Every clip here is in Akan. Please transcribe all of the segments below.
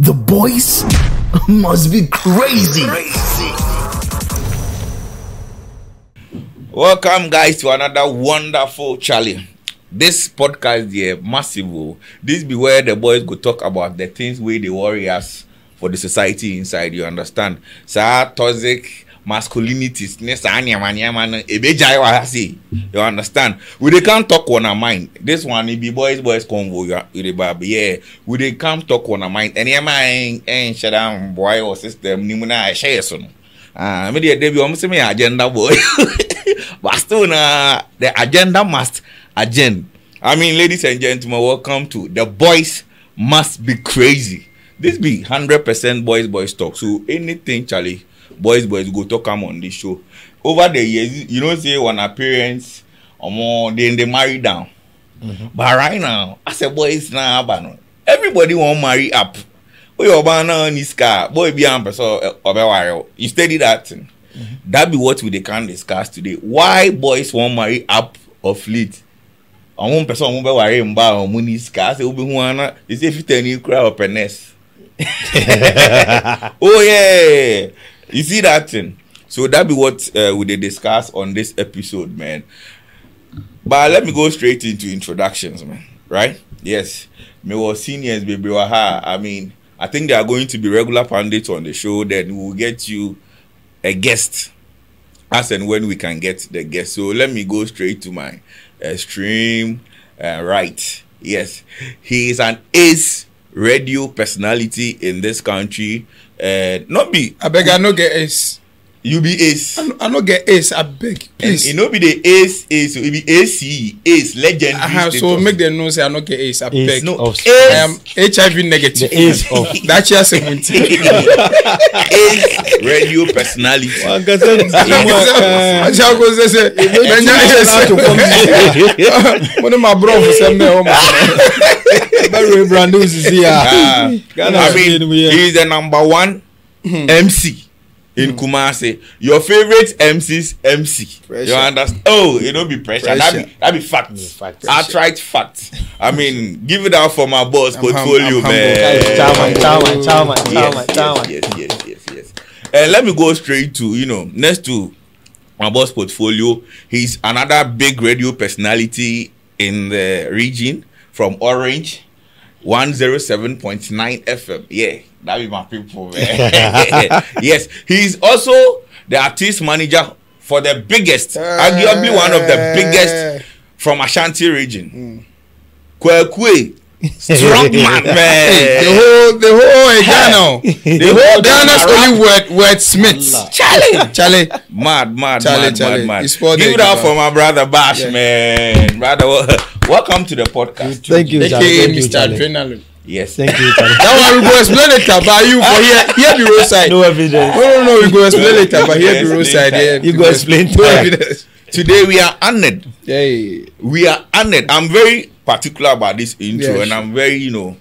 The boys must be crazy. crazy. Welcome, guys, to another wonderful Charlie. This podcast here, massive. This be where the boys go talk about the things we the warriors for the society inside. You understand? Sir, toxic Masculinities. ne saa nneɛma nneɛma no ebegya yi wa ase you understand we dey come talk on our mind this one be boys boys convo you dey bab yeah we dey come talk on our mind nneɛma a ɛnhyɛ da mboa yɛ wɔ system ne mu na ɛhyɛ yɛ so no ah mi deɛ debi wɔn sɛ mi yɛ agenda boy but still na the agenda must agenda i mean ladies and gentleman welcome to the boys must be crazy this be hundred percent boys boys talk so anything charlie boys boys go talk am on the show over the years you know say one appearance. omo dem dey marry down mm -hmm. but right now as a boys na abano everybody wan marry up oye ọba náà ní scar boy bi am pẹsọ ọbẹ wàrẹ you steady that thing mm -hmm. that be what we dey count the today why boys wan marry up of late ọmụ mpẹsọ ọmụ bẹ wàrẹ mba ọmụ ní scar ṣe obi hu ana ṣe fi tẹ ní kura ọpẹ nurse oh yeah. You see that thing? So that be what uh, we discuss on this episode, man. But let me go straight into introductions, man. Right? Yes. Me was seniors, baby. Waha. I mean, I think they are going to be regular pundits on the show. Then we'll get you a guest as and when we can get the guest. So let me go straight to my uh, stream. Uh, right. Yes. He is an ace radio personality in this country uh, not be. abeg i no get ace you be ace. i no, I no get ace abeg please. and e no be the ace ace o e be ace ace legendary uh, status. so make dem know say i no get ace abeg. ace no ace. i am hiv negative. the ace of that year seventeen. ace radio personality. wọn kan sẹ wọn ṣe àgọ ṣe ṣe ẹnjẹ ṣe ṣe mo ní ma bro fún sẹmẹ ọ ma. bẹ́ẹ̀ ni brandu sisi ya. i mean he is the number one mc. in hmm. Kumasi. Your favorite MC's MC. Pressure. You understand? Oh, it don't be pressure. pressure. That be that be fact. Yeah, fact fact. I mean, give it out for my boss I'm portfolio, hum- man. Chairman, chairman, man, chairman, man. Yes, yes, yes, yes. And eh, let me go straight to you know next to my boss portfolio. He's another big radio personality in the region from Orange. 107.9 FM. Yeah, that be my people, man. yes, he's also the artist manager for the biggest, uh, arguably one of the eh. biggest from Ashanti region. Mm. Strong man, man. the whole, the whole Ghana, the, the whole Ghana's only word, word Smith. Charlie, Charlie, mad, mad, Charlie, mad, Charlie. mad, mad. Give it up for my brother Bash, yeah. man. Brother, welcome to the podcast. Thank you, Charlie. Thank you, Mr. Adrenaline. Yes, thank you. that one we go explain later, but you for here, here the roadside. No evidence. No, no, no, we go explain later, but here the roadside. Yeah, you go explain. No evidence. Today we are honored. Yeah. We are honored. I'm very particular about this intro, and I'm very, you know,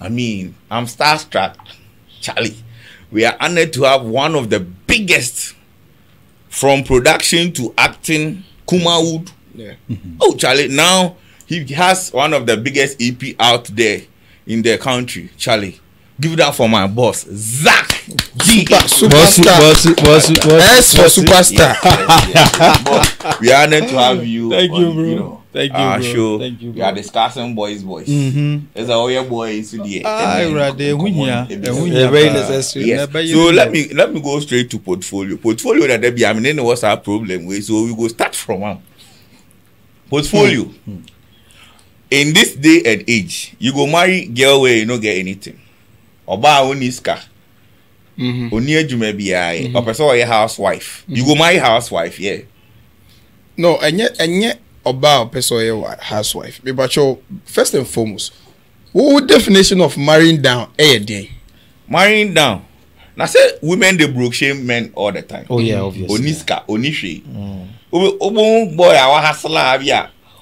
I mean, I'm starstruck, Charlie. We are honored to have one of the biggest from production to acting, Kuma Wood. Yeah. oh, Charlie, now he has one of the biggest EP out there. in the country, Charlie. Give that for my boss, Zach D. Superstar, S for superstar. we are honored to have you. Thank on, you, bro. You know, Thank you, uh, bro. Show. Thank you, bro. We are discussing boys, boys. Mm-hmm. It's all oh, your boys today. Ah, right there. Very necessary. Yes. So let me let me go straight to portfolio. Portfolio that there be. I mean, what's our problem with? So we go start from one. Portfolio. Mm-hmm in this day and age you go marry girl wey you no get anything ọbaa oni scar oni edwuma biara yɛ ɔpɛ sɛ ɔyɛ housewife you mm-hmm. go marry housewife yeah. no ɛnyɛ ɛnyɛ ɔbaa ɔpɛ sɛ housewife bibatwɛ first and foremost wo definition of marrying down ɛyɛ dey. marrying down na say women dey broke shame men all the time. oh yeah obviously. oni scar oni hwee. Mm. obo boy awa hasla bi a.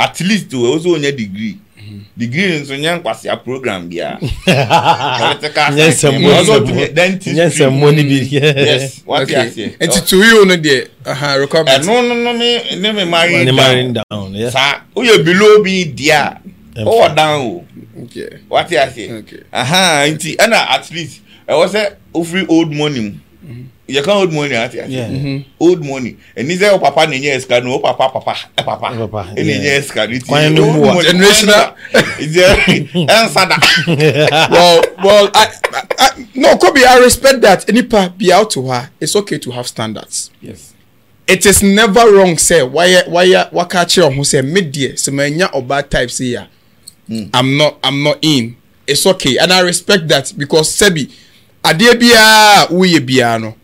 at least o also nyɛ degree degree nso nyɛ nkwasia program bia political science ɔso tumi dentistry nyɛ nsɛmmo ni bi yes wati aseɛ nti tuyi o no deɛ uh-huh, requirement ɛno uh, no no mi ne mi mari down mari down yes saa o oh, yɛ below bi dia oh, o wɔ down o wati aseɛ nti ɛna at least ɛwɔ sɛ ofiri old money mu. Mm-hmm you can hold money ati ati yeah. mm hold money ẹni sẹ o papa na enye esika no o papa papa ẹ eh, papa ẹni enye esika ni ti hold money generational ẹ nsada. well well I, I, no kobe i respect that nipa be out to her it's okay to have standards. Yes. it is never wrong sẹ wáyé wáyé wákà kyerẹ ọhún sẹ mi diẹ sẹ mo nya ọba type sẹ ya hmm. i'm not i'm not in it's okay and i respect that because sẹbi adeɛ biara woyɛ biara no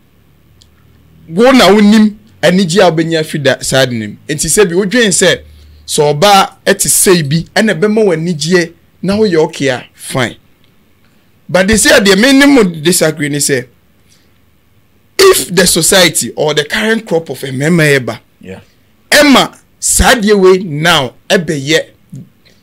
wo na wo nim anigye a wobɛnya afi da saa de nim nti sɛ bi wodwen sɛ sɛ ɔbaa ɛte sɛi bi ɛna ɛbɛma wo anigyeɛ na woyɛ ɔke a fine but they say adeɛ me ne mo disagree ne sɛ if the society or the current crop of mmarima yɛ ba ɛma saa deɛ wei now ɛbɛyɛ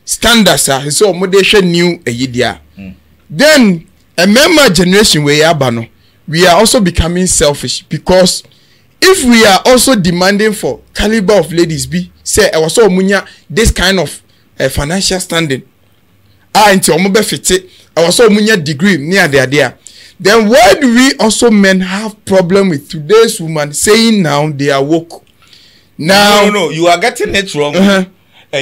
standards a sɛ ɔmo de hwɛ new ɛyideɛ a mm. then mmarima generation wei aba no we are also becoming selfish because if we are also demanding for calibre of ladies bi sɛ ɛwɔ sɛ ɔmo nya this kind of uh, financial standing a ah, nti ɔmo bɛ fete ɛwɔ sɛ ɔmo nya degree ne adeade a then why do we also men have problem with today's woman saying now they are woke. now no no, no you are getting it wrong. ɛnyɛ uh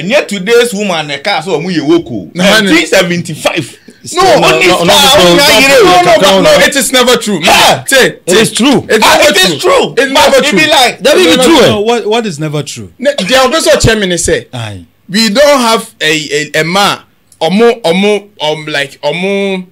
-huh. today's woman ɛka eh, sɛ ɔmo yɛ woke o. Oh. nineteen eh, seventy five. No, no, only no, no, no, no, no, it is never true. Yeah. It is true. It is, ah, true. It's never true. It be like that be true. what is never true? The officer chairman say we don't have a a, a man ọmọ ọmọ um like ọmọ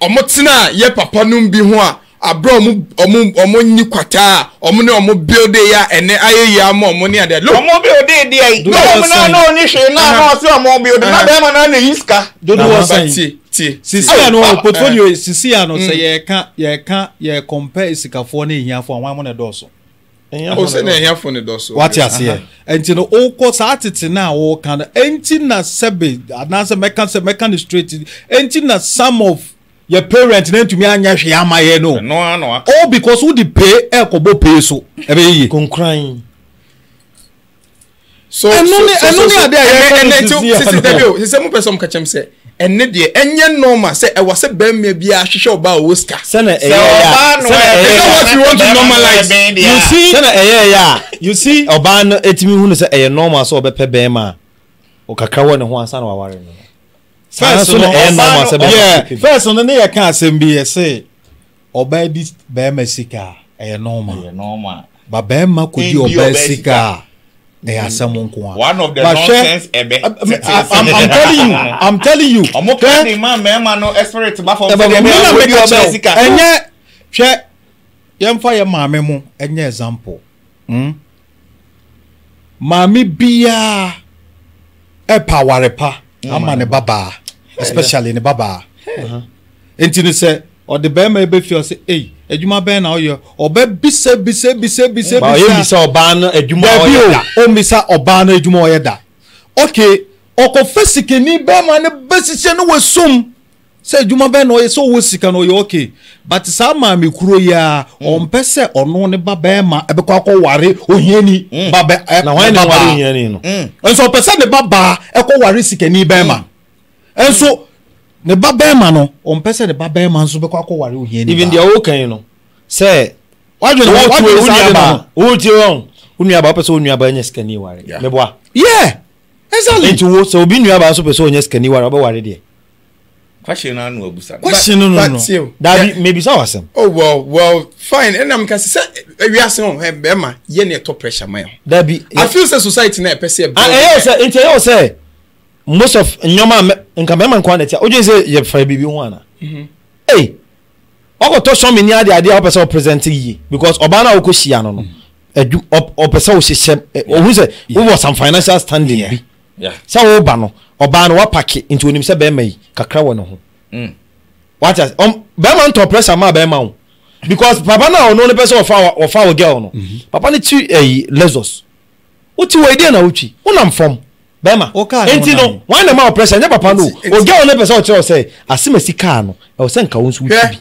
ọmọ tena yẹ papa num bi ho a aburo ɔmo ɔmo ɔmo nyi kwata ɔmo ne ɔmo builde ya ɛnɛ ayɛ yi ama ɔmo ne adeɛ. ɔmo builde di yɛ yi na ɔmo na na oni hwee na na ɔsi ɔmo builde na bɛrima na na yi sika. dodo wɔ sɛn sisi ano portfolio sisi ano sɛ mm. yɛka yɛka yɛ compare sikafoɔ ne ehiafoɔ àwọn amúnɛ na dɔɔso. o sɛ ne ehiafoɔ ne dɔɔso. wate aseɛ ɛnti no okɔ saa tete na awo kan no ɛnti na sɛbe anaasɛ mɛka sɛ mɛka ne straight ɛnti na some of. Your parent ne ntumi anya hwee ama yɛ no no, no. all because who the pay ɛkɔbɔ eh, pay so ɛbɛyɛ yie. konkran. so ɛnu ni ɛnu ni adi a yɛ kɔ ne sisi yɛ fana. ɛnɛ ti sisi mu pɛ sɔm kakyɛm sɛ ɛnɛ deɛ ɛnyɛ normal sɛ ɛwɔ sɛ bɛrima bi a ahyehyɛ ɔbaa ɔwɔ sika. sɛnɛ ɛyɛ yɛ a sɛnɛ ɛyɛ yɛ a sɛnɛ ɛyɛ yɛ a sɛnɛ ɛyɛ yɛ a you see ɔbaa no etimi hu no sɛ ɛyɛ normal sɛ ɔbɛpɛ bɛrima ɔkakra wɔ ne ho ansa na waware no first no ọbaa no yeah first no ne yɛ ka asɛm bi yɛ sɛ ɔbaa di bɛrima sika ɛyɛ normal ba bɛrima ko di ɔbaa sika ɛyɛ asɛm nko a one of the nonsense i'm telling you i'm telling you ɔmo kan ni ma mɛrima no spirit ɛnyɛ hwɛ yɛnfa yɛ maame mu ɛnyɛ example maame biara ɛpa aware pa. Mm. ama ne babaa especially ne babaa uh-huh. nti ne sɛ ɔde bɛrima ebe fi ɔsɛ eyi adwuma bɛn na ɔyɛ ɔbɛ bisa bisa bisa bisa bisa ɔyɛ bisa ɔbaa no adwuma ɔyɛ da o mbisa ɔbaa no adwuma ɔyɛ da okay ɔkɔfɛ sikini bɛrima ne bɛsisɛ ne wɔ sum sɛ adwuma bɛɛ na ɔyɛ sɛ ɔwɔ sika na ɔyɛ okay but saa maame kuro yi a hmm. ɔmpɛ sɛ ɔno ne ba bɛɛma ɛbɛkɔ akɔ ware ohiani hmm. ba bɛ ɛ na wɔn ni ware ohiani no hmm. nso ɔpɛ sɛ ne ba baa ɛkɔ ware sikani bɛɛma nso ne ba bɛɛma no ɔmpɛ sɛ ne ba bɛɛma nso bɛkɔ akɔ ware ohiani baa even deɛ ɔwɔ kan no sɛ wadwene wadwene saa de ma wɔntie onuaba ɔpɛ sɛ onuaba nyɛ sikani ware mɛboa yeah exactly nti wo sɛ obi nuaba nso pɛ sɛ onyɛ question na anu abusa. question no no no dabi mebisa wasɛm. oh well well fine ɛna mi ka sɛ sɛ eh, ewiase no ɛ eh, bɛrima yɛ ne ɛtɔ pressure ma yɛ. dabi. i feel say society na ɛpɛ sɛ. Ah, a ɛyɛ sɛ nti ɛyɛ sɛ most of nneɛma nka bɛrima nkwa na ɛti a o jɛ sɛ yɛ fɛ biribi ho ana. Mhm. ee ɔkɔtɔ sɔmi ni adi adi a ɔpɛ sɛ ɔpresent yie because ɔbaa na ɔkɔ hyia no no ɛdu mhm. ɔpɛ sɛ ɔhyehyɛ ɔhun sɛ wɔ some financial standing bi sɛ ɔba no ɔbaa no wapake nti onim sɛ bɛrima yi kakra wɔ ne ho mm. wati ase ɔm bɛrima maa bɛrima o because papa naa ɔno ne pɛ sɛ ɔfa ɔfa wɔ girl no mhm. papa ne ti lezos lexus wotu wɔ edi na wotwi wonam fam bɛrima nti no wɔn na ma wɔ pressure nye papa no o girl no pɛ sɛ ɔkyerɛ sɛ asemesi kaa no ɛwɔ sɛ nka wɔn nso wotu bi.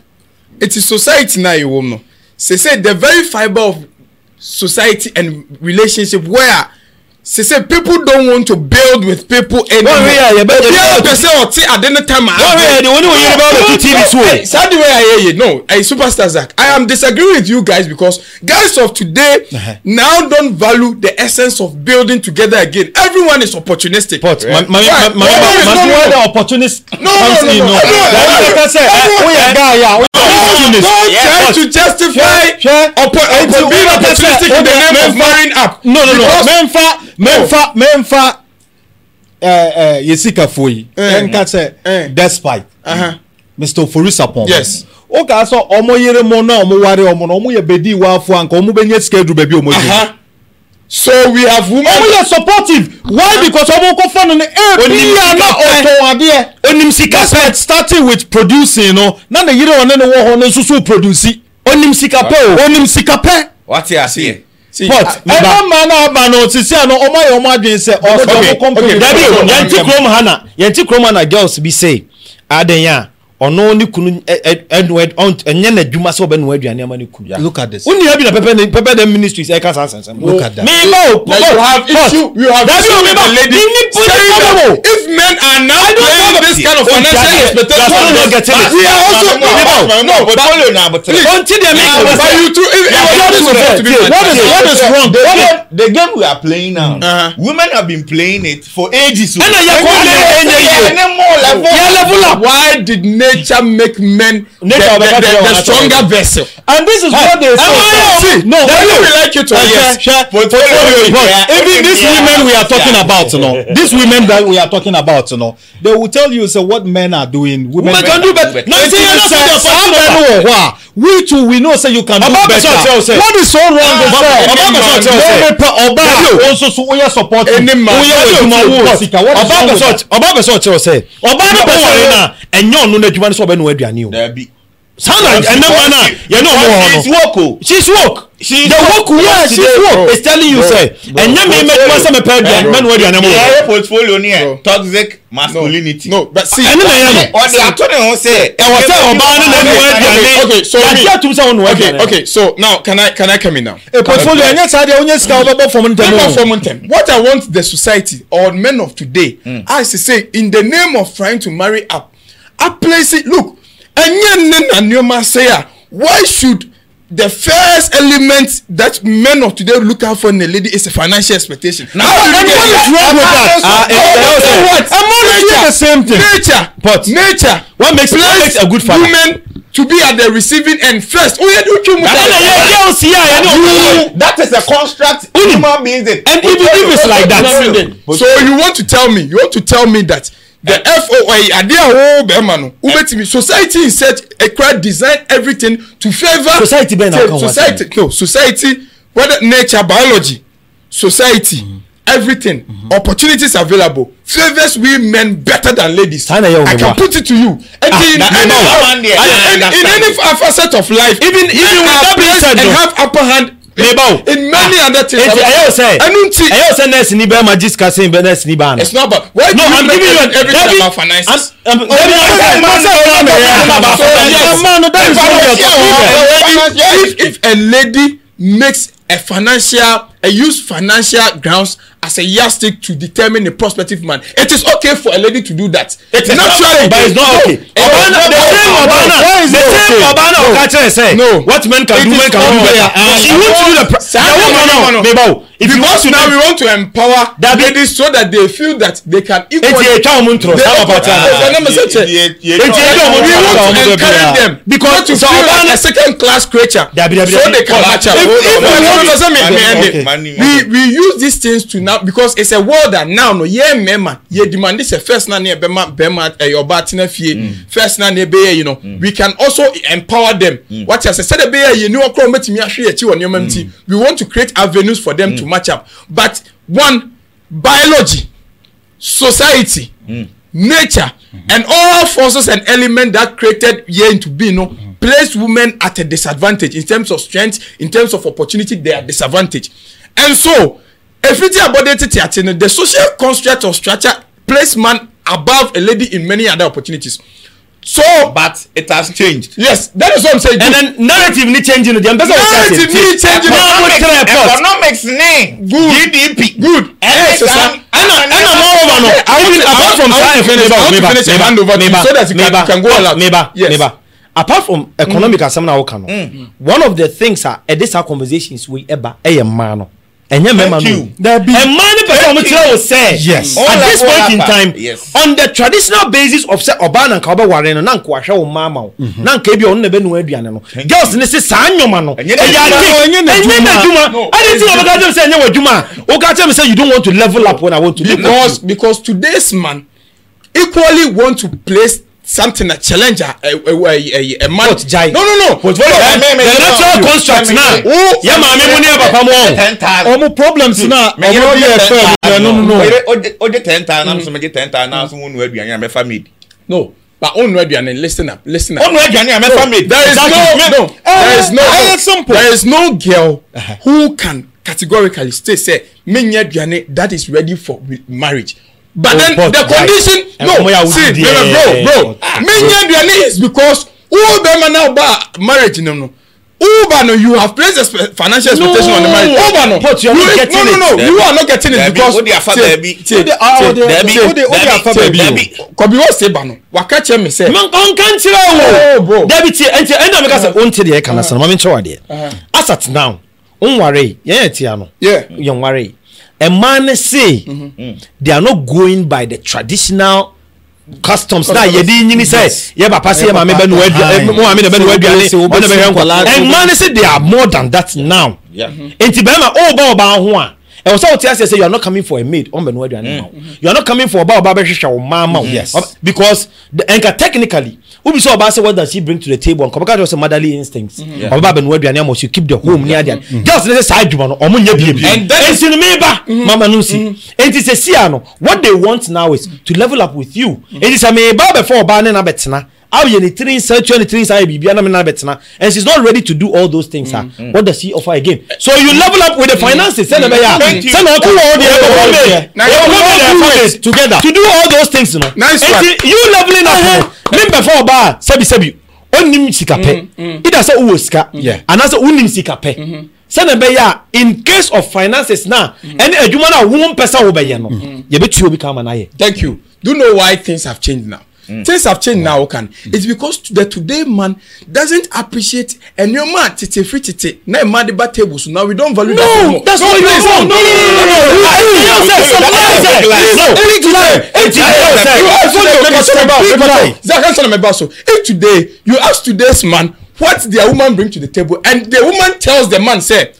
eti society na ewo mu no sese the very fibre of society and relationship where say say people don want to build with people anymore. wọ́n rí àyè bẹ́ẹ̀ de. bí ẹ bẹ sẹ́ ọtí àdéhùn tẹ́mà. wọ́n rí àyè ni wọ́n ní òye bá lọ́ọ́ tv so. sáàdì wẹ́n àyè yìí no hey, superstar zak i am disagreeing with you guys because guys of today uh -huh. now don value the essence of building together again everyone is opportunistic. but mami mami mami wọ́n dẹ̀ opportunist. no no no no no no no no no no no no no no no but to justify upon upon being opportunistic in the name of marrying up. no no no memfa memfa memfa yesikafo yi nka sɛ despite mr oforisapɔn yes o k'a sɔ ɔmo yere mu na ɔmo wari ɔmo na ɔmo yɛ bedi waafo anka ɔmo bɛ nye sikɛdu bɛbi ɔmo yi so we have women. ọmọ yẹ supportive why because ọmọ kò fọnù ni ẹ bí yà náà ọ̀tọ̀ adìẹ. onim sika pẹ that's starting with producing no na na yiri wọn ni wọn họ ni soso produce. onim sika pẹ o. onim sika pẹ. wàá ti àṣeyẹ. but ẹ bá maa náà bá náà sisi àná ọmọ yẹ ọmọ adìyẹ sẹ ọmọ jọ ọmọ company. dabi yẹn ti kurom hana yẹn ti kurom hana girls bi say adenya ɔno ne kunu ɛnyɛ n'adwuma sɛ ɔbɛnua aduane ama ne kunu. look at this. wúni ẹbi na pẹpẹ ní pẹpẹ ní ministries ẹka san san look at that. mi have issue you have issue with the lady if men are now playing this kind of financial expectation we are also no no portfolio na but please until they make it by you too what is what what is wrong. the game we are playing now uh-huh. women have been playing it for ages. why did men nature make men nature the, the, the, the stronger vessel. and this is what they say. see no why do we like you to hear. even these women we are talking about you know, these women that we are talking about you know, they will tell you say what men are doing women, women can do better. no you say you no fit dey for some men wọ hɔ we too we know say you can do better what is so wrong with that ọba ọba nsoso oyè support oyè edwuma wo sika what is wrong with that ọba akọsọ ọba akọsọ ọba akọsọ ọba akọsọ ọba akọsọ ọba ẹnyẹ ọnu n'edwuma ni sọ ọba ẹnu aduane o sana ẹnẹ mọ náà yẹn ní ọmọ wọn. she's work o. she's work. she's the work where she's work is telling you say ẹnyẹ mi mẹ wọn sẹ mi pẹ diẹ mẹ ni wọn di ẹnẹ mọ. the portfolio ni ẹ toxic masculinity. no but see ẹni nìyẹn no. ọdẹ atọ́nà ọ̀hún sẹ. ẹwọ sẹ ọba ni lẹni wọn di ẹni okay so yàtí àtúntò sẹ ọhún wọn di ẹni. okay so now can i can i come in now. a portfolio ẹ̀yẹ sáà de ẹ̀yẹ sika ọbẹ̀ bọ̀ fọmù ntẹ̀mú. bọ̀ fọmù ntẹ̀mú. what i want the society or men of today as mm. they say in the name of trying to marry up i place it look ɛnyɛ ne na nneɛma sɛ a why should the first element that men of today look out for in a lady is a financial expectation. na how do you get it wrong with that. ah it's the same thing. i'm only the same thing. nature but nature what makes what makes a good father. women to be at the receiving end first. oye do tun mu. yàrá yẹ kí o sí àyè ní òkú. that is a construct. human being, dey. and even if it's like that. so you want to tell me you want to tell me that the foi adeɛ a wɔwɔ bɛrima no wobɛtumi society in search ekura eh, design everything to favour society bɛn na ɔkan wa society no society whether nature biology society mhm. everything mhm. opportunities available favours men better than ladies i can put it to you and in, any facet of life even even with that being said though and have upper hand mebao in many ah. other things eti ẹyẹ ọsẹ ẹnu nti ẹyẹ ọsẹ nurse ni bẹẹ ma gist ka sẹyin bẹ nurse ni baa na. it's not bad where do no, you make every time about finances. dabi dabi ma sẹ ọwọ mi yẹ so yes man that is why we are talking about. if a lady makes a financial and use financial grounds as a yardstick to determine a prospective man. It is okay for a lady to do that. It is naturally, but it's not okay. Obana, the same Obana, the same Obana Okacha say, no, what men can do, men can do better. She wants do the. No, no, no, no, no. Oh if because you want to now we want to empower that ladies so that they feel that they can equally eti etwa ọmọ ntọrọ sábà pata eti etwa ọmọ ntọrọ sábà ọmọ ntọrọ bi na because to feel like a second class creature so they can match up if we want to say me we we use these things to now because it's a world that now no ye mmarima ye demand this eh, first na ne bema bema ẹyọ eh, ọba atena eh, fie mm. first na ne ebe ye you know mm. we can also empower them mm. what i say sẹ de be ye ye ni ọkọ oh, ọmọ etimi ahwe ekyi wọ nneọma mu ti we want to create avenues for them to match up but one biology society mm. nature mm -hmm. and all forces and elements that created here into being you know, mm -hmm. place women at a disadvantage in terms of strength in terms of opportunity they are disadvantaged and so efiti abode titi ati the social construct or structure place man above a lady in many other opportunities. Mm so but it has changed. yes that is what i'm saying. and then narrative ni change ni dem person wey say it change. narrative ni change ni dem person wey say economics ni good gdp good yes sir ẹna ẹna mọ over no apart from that neighbor neighbor neighbor neighbor so that you can, can go all out neighbor yes. neighbor apart from economic asem na awoka no mm. one of the things a ẹdisa eh, conversations wey eh, ẹba ẹyẹ mmaa no ẹnyẹ eh, mẹma no ẹmaa perform tell us say yes at this point in time yes. on the traditional basis of say ọba na nka ọbẹware no na nka wahwẹ wọn maama o mhm. na nka ebi ọno na ebe nua aduane no girls ni sẹ saa nyoma no ẹyà adi ẹnyẹ na adwuma ẹni tí wọn bẹ ká tẹ mi sẹ ẹnyẹ wọ adwuma o ká tẹ mi sẹ you don want to level up when i want to level up. because because today's man equally want to place something a challenge a a a man. port jai no no no portfolio ẹ the natural construct na yẹ maame mu ni ẹ papa mu ọhún. ọmọ problems na ọmọ yẹ fẹ ẹ no no no. o de oh, ten tan náà sọmọ de ten tan náà sọmọ nu aduane a mẹfa made. no but o nu aduane lis ten up lis ten up. o nu aduane a mẹfa made. Oh, there is no no there is no there is no girl uh-huh. who can categorically state say me nye aduane that is ready for marriage but oh, then the condition eh, no see bro bro eh, bro me nye aduane is because wo bɛrima na ba marriage nim no uber no you have placed a financial expectation no. on the marriage uber no but you are not getting it no no no you are not getting it because o de afa baabi o de o de o de o de afa baabi o kobi o se ba no waka kyerɛ mi sɛ. nka n kyerɛ wo dabi tie ɛn tie ɛn na mi ka sɛ o n ti eh, deɛ uh-huh. kana sanu maami n kyerɛ wa deɛ asat now n ware yɛn yɛ tia no yɛn ware mmaa ne se they are not going by the traditional customs na yɛde nyini sɛ yɛ papa sɛ yɛ maame bɛ nua aduane mu maame na bɛ nua aduane ɔna bɛ hwɛ nkɔla mmaa ne se they are more than that now nti bɛrima ɔɔba ɔbaa ho a ɛwɔ sɛ wote aseɛ sɛ you are not coming for a maid ɔmbɛno aduane ma you are not coming for ɔba ɔba bɛhwehwɛ wo maa ma yes because the, ɛnka technically wobi sɛ ɔbaa sɛ what does she bring to the table and nkɔbɛka kyerɛ sɛ motherly instincts ɔbɛba bɛno aduane ama she keep the mm-hmm. home ne adeɛ girls ne sɛ saa adwuma no ɔmo nyɛ biem ɛnsi no meba mama no nsi enti mm-hmm. sɛ sia no what they want now is to level up with you enti sɛ meba bɛfa ɔbaa ne na bɛtena How awoyɛ ne tiri nsa etua ne tiri nsa ayɛ biribi anam nan abɛtena and she is not ready to do all those things ah mm, mm. what does he offer again so you level up with the mm-hmm. finances sɛnɛ bɛ yà sɛnɛ ko wɔ ɔdi yɛ ko wɔ mi yɛ ko wɔ mi yɛ families together to do all those things no eti you leveling up no mi bɛfɔ ɔbaa sɛbi sɛbi onim sika pɛ ida sɛ owó sika anaasɛ onim sika pɛ sɛnɛ bɛ yà in case of finances na ɛni adwuma na wɔn pɛ sɛ wɔbɛyɛ no yɛ bɛ tu obi kama na yɛ. thank you do you know why things have changed now. Mm. Things have changed wow. now, can? Mm. It's because the today man doesn't appreciate and your man titi free titi. Now man the tables. So now we don't value no, that anymore. That's no, what you're wrong. No, no, no, no, no. If today you ask today's man what their woman bring to the table, and the woman tells the man, say,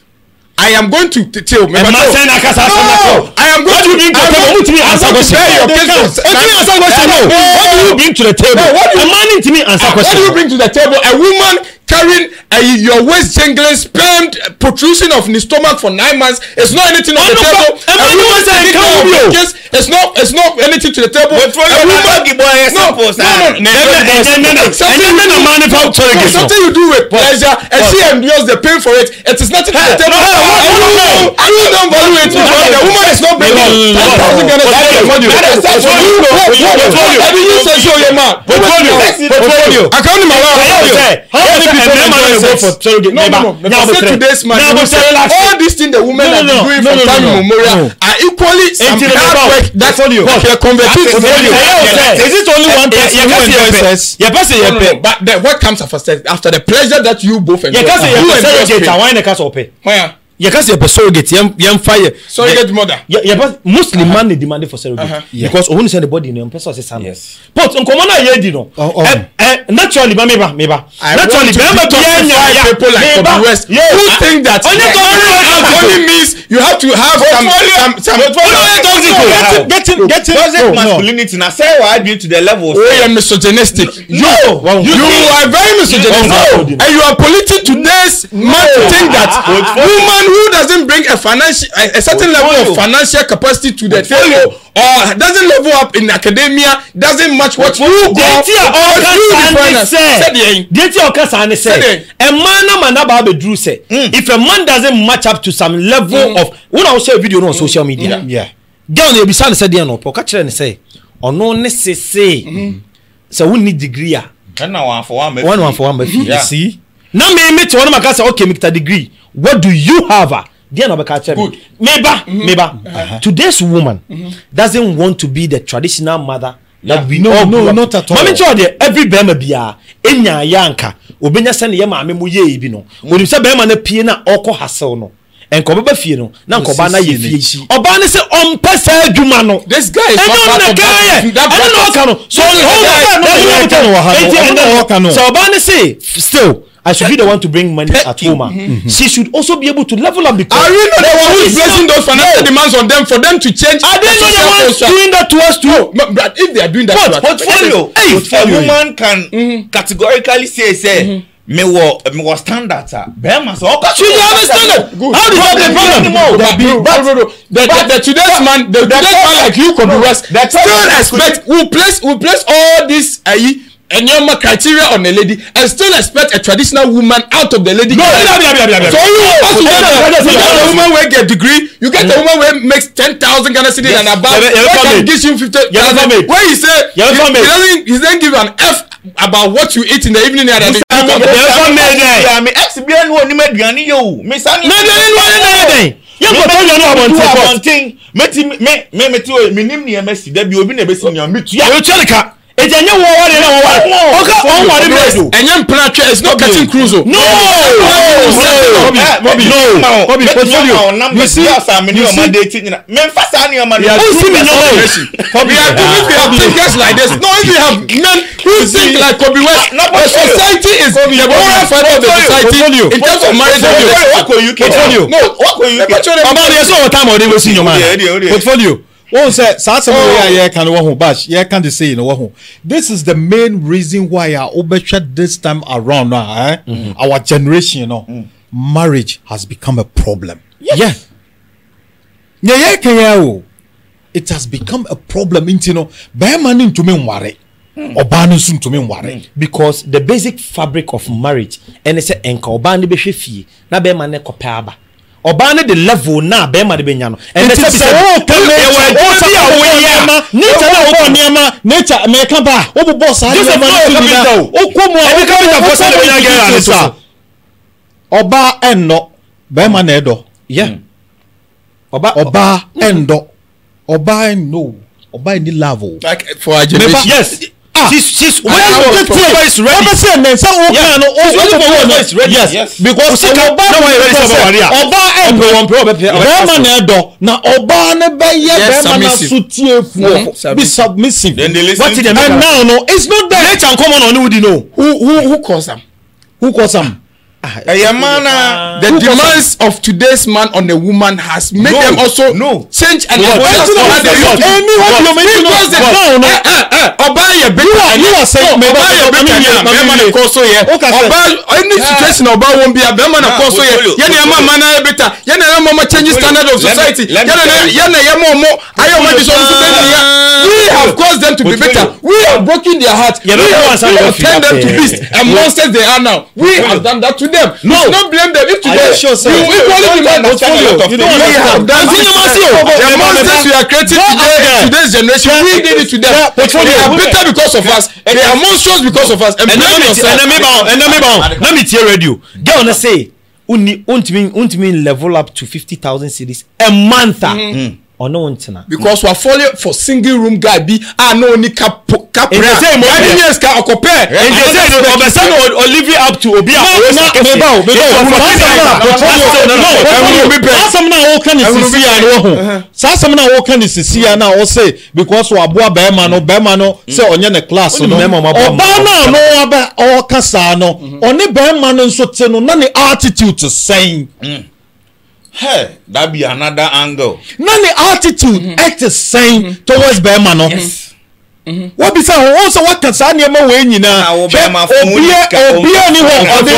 I am going to tell me. Ẹ ma No, I am going to. What do you mean to tell me? Who ti mi answer question? Bẹ́ẹ̀ your question o. What do you bring to the table? A man ti me answer question. What do you bring to the table? A woman. carrying a, your waist jingling sperm protrusion of the stomach for nine months. It's not anything on am the table. A woman taking care of kids. It's not. It's not anything to the table. A woman. No, no, no. no. something you do with pleasure, and she endures the pain for it. It is nothing to the table. I do not value it. The woman is not bringing ten thousand Ghana cedis. That's what you know. Portfolio. Portfolio. Portfolio. I can't even allow. twenty nine go for sorry eh, eh, no no no na for say today's match We for say all these things the women are doing no, from time immemorial are equally That's all you. that they compete with you is it only one person who enjoy sex your person your pay but then what comes after sex after the pleasure that you both enjoy you enjoy your pay yɛ kasi yɛ pɛ surrogate yɛn yɛn fa yɛ. surrogate mother. yɛ yɛ pɛ muslim man de demand for surrogate. Uh -huh. yeah. because ohun sɛ ne bɔ di ne mpɛ sɛ sanu. yes but nkɔmɔ naa yɛ di no. ɛ ɛ naturally ma mi ba mi ba. naturally bɛn bɛ bi yɛn yɛ ya mi ba who ah, think that money means you have to have some some some. portfolio toxic o getting getting toxic masculinity na say wa be to the level. o oh, yɛ misogynistic. no you are very misogynistic. and you are polluting today's man to ah, think that ah, woman who doesn't bring a financial a, a certain level of financial capacity to the table or doesn't level up in academia doesn't match what you go or you the finance. deeti ọkẹ sanni sẹ ẹ man na man na baa bẹ duru sẹ hmm. if a man doesn't match up to some level mm. of wọn na wọn share video on social hmm. media hmm. girl na ebisa ni sẹ diẹ na ọpọ ọka kyerẹ ni sẹ ọno ne sese sẹ wọn ni degree a. wọn na wọn afọwọ́ àmọ́ fi yẹ sí na mímí tí wọn maka sẹ okay mr degree what do you have a díẹ̀ náà bẹ ká kyẹ́ mi meba meba today's woman mm -hmm. doesn't want to be the traditional mother that yeah. we no, all no, up not at all maame kyɛw deɛ every bɛrima biara enya yanka obenya sɛ ne yɛ maame mu yie bi no mm. onim sɛ bɛrima no pie na ɔkɔ hasew no nkɔba bɛ fie no na nkɔba na yɛ fie ɔbaa ne sɛ ɔmpɛ saa adwuma no ɛnyɛ ɔn na kaa yɛ ɛne na ɔka no so ɔn na ɔka no ɛnyɛ ɔn na ɔka no sɛ ɔbaa ne sɛ still. I should be the one to bring money at home. Mm-hmm. mm-hmm. She should also be able to level up the cost. Are you not the one who is placing those financial no. demands on them for them to change? Are they not the ones doing that to us too? No, but if they are doing that what? to us, portfolio. Hey, portfolio. A woman can mm-hmm. categorically say, say. Mm-hmm mi wɔ mi wɔ standard a bɛɛ ma sɔn ɔkọ. a standard how do you have a problem. dabi but the today's man the today's man like you could be worse still expect we place we place all this ayi. Uh, eh, enyama criteria on a lady and still expect a traditional woman out of the lady. no no no so you want to you get a woman wey get degree you get a woman wey makes ten thousand ghana cedis and about wey can give you fifty thousand wey he say he doesn't he doesn't give an f about what you eat in the evening and the day. yẹn fọ mẹdẹ. mi ex bi ẹnu onímọ̀ aduane yẹ o. mi sani. mẹdẹ ẹnu onímọ̀ aduane yẹn kò tó yẹn ní abọ̀ntín pọ̀. mi ti mi mi mi ti o mi ni mi ni ẹ mẹ si dẹbi obi na ẹ bẹ si ni ọ mi tuya. o yóò tiẹ̀ nìkan ètò ẹ̀yẹ wọ wọ́n rẹ̀ wọ́n wọ́n rẹ̀ ọkọ wọn wọ́n rẹ̀ bẹ́ẹ̀ do. ẹ̀yẹ mpana twẹ́ it's oh, not getting cruise o. Oh. no bobi eh, eh, no bobi portfolio you see you see mi nfa saa ni ọma de. o si mi n'o ye. bobi i think if you have thinkers like this no if you have men who think like Kobe West the society is the moral fibre of the society in terms of marriage and portfolio. portfolio no portfolio. ọba de ẹ sọ wọ táàmù ọdẹ wo si yan maa portfolio wọn sẹ saa asẹm wo oh. yà yẹ kan wọ ho bash yẹ kan de say na wọ ho this is the main reason why a wọbɛhwɛ this time around na eh? mm -hmm. our generation you no know, mm. marriage has become a problem. yẹ yẹ yẹ kan yẹ o it has become a problem nti no bẹẹma ni ntumi nware mm. ọbaa ni nso ntumi nware. Mm. because the basic fabric of marriage ẹni sẹ nka ọbaa ni bẹ hwẹ fie na bẹẹma ni kọ pẹ aba ɔbaa no de level na bɛrima de bɛnya no ɛnɛ sɛ bi sɛ ɛwɔ ɛdun bi a wɔyɛ ama nature na wɔbɔ nneɛma nature mɛka ba wɔbɔbɔ saa nneɛma no fi nyina okɔ mu a ɛdi kapita fɔ sɛ ɛdi bɛnya gɛrɛ ale so ɔbaa ɛnnɔ bɛrima na ɛdɔ yɛ ɔbaa ɔbaa ɛndɔ ɔbaa ɛnnɔ ɔbaa ɛni level. for a generation yes ah she's she's ready for work whoever is ready ọbẹ sẹ ẹ nẹsẹ wọn kan no she's ready for work whoever is ready yes because ọba náà wọn yẹ ready for wàrí à ọba ẹ bẹ wọn pẹ ọbẹ pẹ bẹẹma náà ẹ dọ na ọba ni bẹ yẹ bẹẹma náà so fún ọ be submissive and now no it's not that. nature and common on wudi no. who who who cause am who cause am. ẹyẹ eh, man na uh, the demands of today's man on a woman has made no, them also no. change and evolve as to how they look you know say no no ọba yẹ bẹta ẹni ọba yẹ bẹta ẹni any situation ọba won't be a kọ so yẹ yẹn na ẹ máa eh. ma na ẹ bẹta change standard of society yẹn na yẹn na ẹ mọ ọmọ ayé ọmọ di sọ we have caused them to be better we have broken their heart we have turned them to beast and monsters they are now we have done that today. them. No. You should blame them. If today sure, sir? you equally demand portfolio, you what understand. And see the mercy you. the amount that we are creating today, today's generation, we did it to them. Portfolio. They are better because of us. They are monstrous because of us. And blame yourself. And me bow, And me bow. Let me tell radio. Get on the say. Untimi untimi level up to fifty thousand cities a month. Mm. Mm ɔno ntena. because wa follow for single room guy bi a na oni kapo kapra ɛni yɛ sika ɔkɔpɛ. ɛnjɛ sɛ ɛnjɛ ɔbɛsɛ na ɔlivi up to obi a ɔyɛ sika kɛse. mebao mebao ɛwuro bi bɛ saa asɛm na ɔka ne sisi ya ne ho saa asɛm na ɔka ne sisi ya na ɔse because waboa bɛrima no bɛrima no sɛ ɔnyɛ ne class no ɔbaa naa no ɔbɛ ɔka saa no ɔne bɛrima no nso te no na ne attitude sɛn. Hey, that be another angle. na ne attitude ẹ ti sẹ́yìn towards bẹ́ẹ̀ma náà. wọ́n bí sáà wọ́n sọ wọ́n kàn sáà ní ẹ̀ma wọ̀nyí nyinaa ṣe obiẹ obiẹ ni hɔ ɔde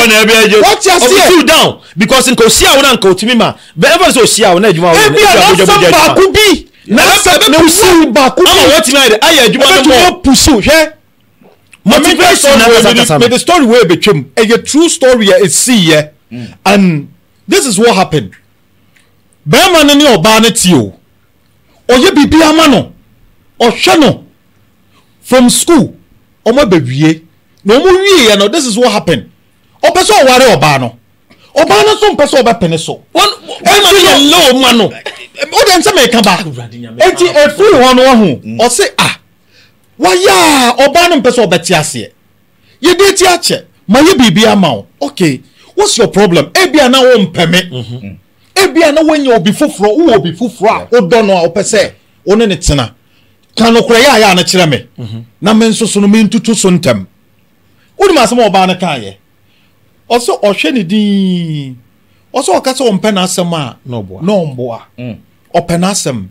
wọ́n ti ase ẹ̀ ọ̀fi down because nka osi àwọn nka otimi ma bẹ́ẹ̀ fọ́n sọ osi àwọn náà ẹ̀dwuma wọn ẹ̀bi àlọ́sàn baako bi na ẹ̀bẹ̀ pusu baako bi ọmọ wọ́n ti náà yẹ dẹ ayẹ ẹ̀dwuma náà mọ̀ ẹ̀bẹ̀ tó pusu hwẹ́ motivation na kasa kasa mi. the story wey ebetwam ɛyɛ true story yɛ esi yɛ and this is what happened bɛrima no ne ɔbaa no te o ɔyɛ biribi ama no ɔhwɛ no from school ɔmo abɛwie na ɔmo wie yɛ no this is what happen ɔpɛ sɛ ɔware ɔbaa no ɔbaa no nso mpɛ sɛ ɔbɛpene so ɛnso yɛ lɛ ɔma no ɔde nsɛm ɛka ba eti efiri hɔ no ɔho ɔse mm. ah, a wayɛ a ɔbaa no mpɛ sɛ ɔbɛte aseɛ yɛde ti akyɛ ma yɛ biribi ama o okay what's your problem ebi a na wɔn mpɛmɛ ebi a na wɔnya obi foforɔ wowɔ obi foforɔ a wodɔ no a wopɛ sɛ wo ne ne tena ka nokorɛ yɛ a yɛ a no kyerɛ me mhm. na me nso so no mentutu so ntɛm wonim asɛm a ɔbaa no kaayɛ ɔsɛ ɔhwɛ ne din ɔsɛ ɔka sɛ ɔmpɛ n'asɛm a na ɔmboa mm. ɔpɛ n'asɛm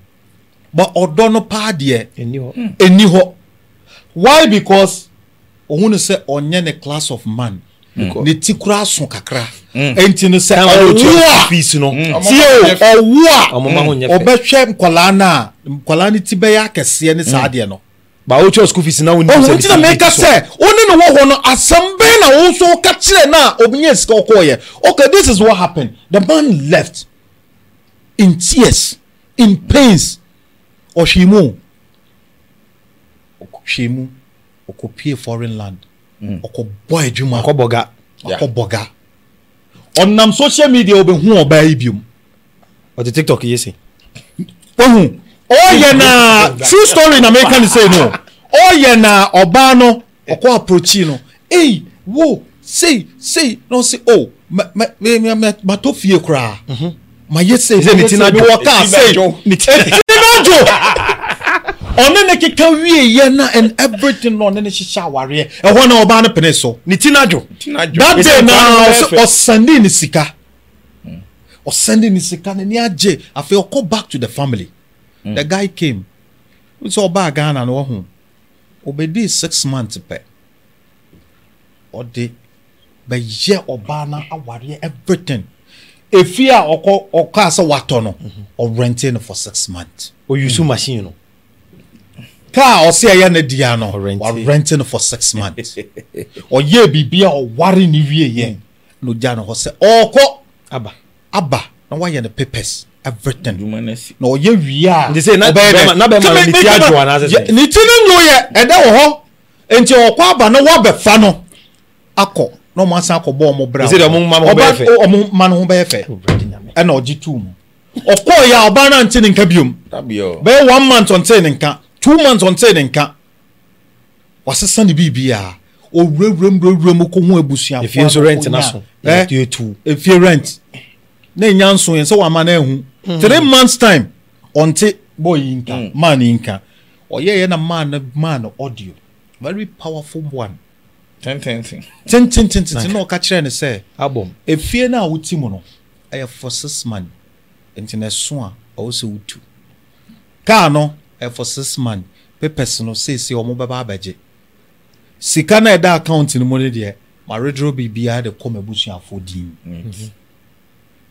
but ɔdɔ no paa deɛ ɛni mm. hɔ why because ɔhu no sɛ ɔnyɛ ne class of man Mm. ne ti kura so kakra ɛnti mm. no sɛ ɔwo a tie o ɔwo a ɔbɛhwɛ nkɔlaa no a nkɔlaa no ti bɛyɛ akɛseɛ ne saa mm. deɛ no Ba tí o school fees náà wọ́n ní sẹ́ni sẹ́ni sọ. ọ̀hún ti na mẹ́ka sẹ́ ọ ní ni wọ́n wọ̀ no asẹ́m bẹ́ẹ̀ na wọ́n sọ ọ́ka kyerẹ́ náà omi yẹn sika ọkọ yẹ okay this is what happened the man left in tears in pains ọ̀hìnmú ọ̀hìnmú ọ̀kọ̀ pie foreign land ɔkɔbɔ mm. adwuma ɔkɔbɔga ɔkɔbɔga ɔnam social media ɔbɛhu ɔbaa yi biom ɔte tiktok yi si. ohu ɔyɛ na true story na mɛka ni sɛ no ɔyɛ na ɔbaa no ɔkɔ approachi no ei wo sei sei na ɔsi o ma ma ma ma ma tɔ fie koraa mhm. ma yɛ sei sei mi wɔ kaa sei mi ti na jo ɔne ne keka wieyɛ na and everything na ɔne ne hyehyɛ awareɛ ɛhɔ na ɔbaa no pene so ne ti na that day na ɔsɛnde ne sika ɔsɛnde ne sika ne ne agye afei ɔkɔ back to the family mm. the guy came sɛ ɔbaa ghana no ɔho Obedi six months pɛ ɔde bɛyɛ ɔbaa no awareɛ everything efi a ɔkɔ ɔkɔ asɛ watɔ no mm-hmm. ɔrɛnte no for six months. oyusu machine no car ɔsi ɛyɛ ne dia no wa rent no for six months ɔyɛ biribi a ɔware ne wie yɛ na ogya ne hɔ sɛ ɔɔkɔ aba aba na wayɛ ne papers everything na ɔyɛ wie a ɔbɛyɛ dɛ ne ti ne nyo yɛ ɛdɛ wɔ hɔ nti ɔkɔ aba na wabɛfa no akɔ na ɔmo asan akɔ bɔ ɔmo bra ɔba ɔmo ma no ho bɛyɛ fɛ ɛna ɔgye tu mu ɔkɔɔ yɛ a ɔbaa na nti ne nka biom bɛyɛ one month ɔnte ne nka two months on ne nka wasesa ne biribia owurawura murawura mu kɔ ho abusuafo efie nso rent na so tu efie rent na enya nso yɛn sɛ wama na ehu three months time ɔnte bɔɔl yi nka maa ne nka ɔyɛ yɛ na maa na maa na audio very powerful one tententen tententen na ɔka kyerɛ ne sɛ abom efie na a wote mu no ɛyɛ for six months ntina so a ɔwɔ sɛ wotu kaa no for six months papers no seesei wɔn bɛba abɛgye sika na ɛda account no mu no deɛ maredoro biribiara de kɔ m'abusuafoɔ din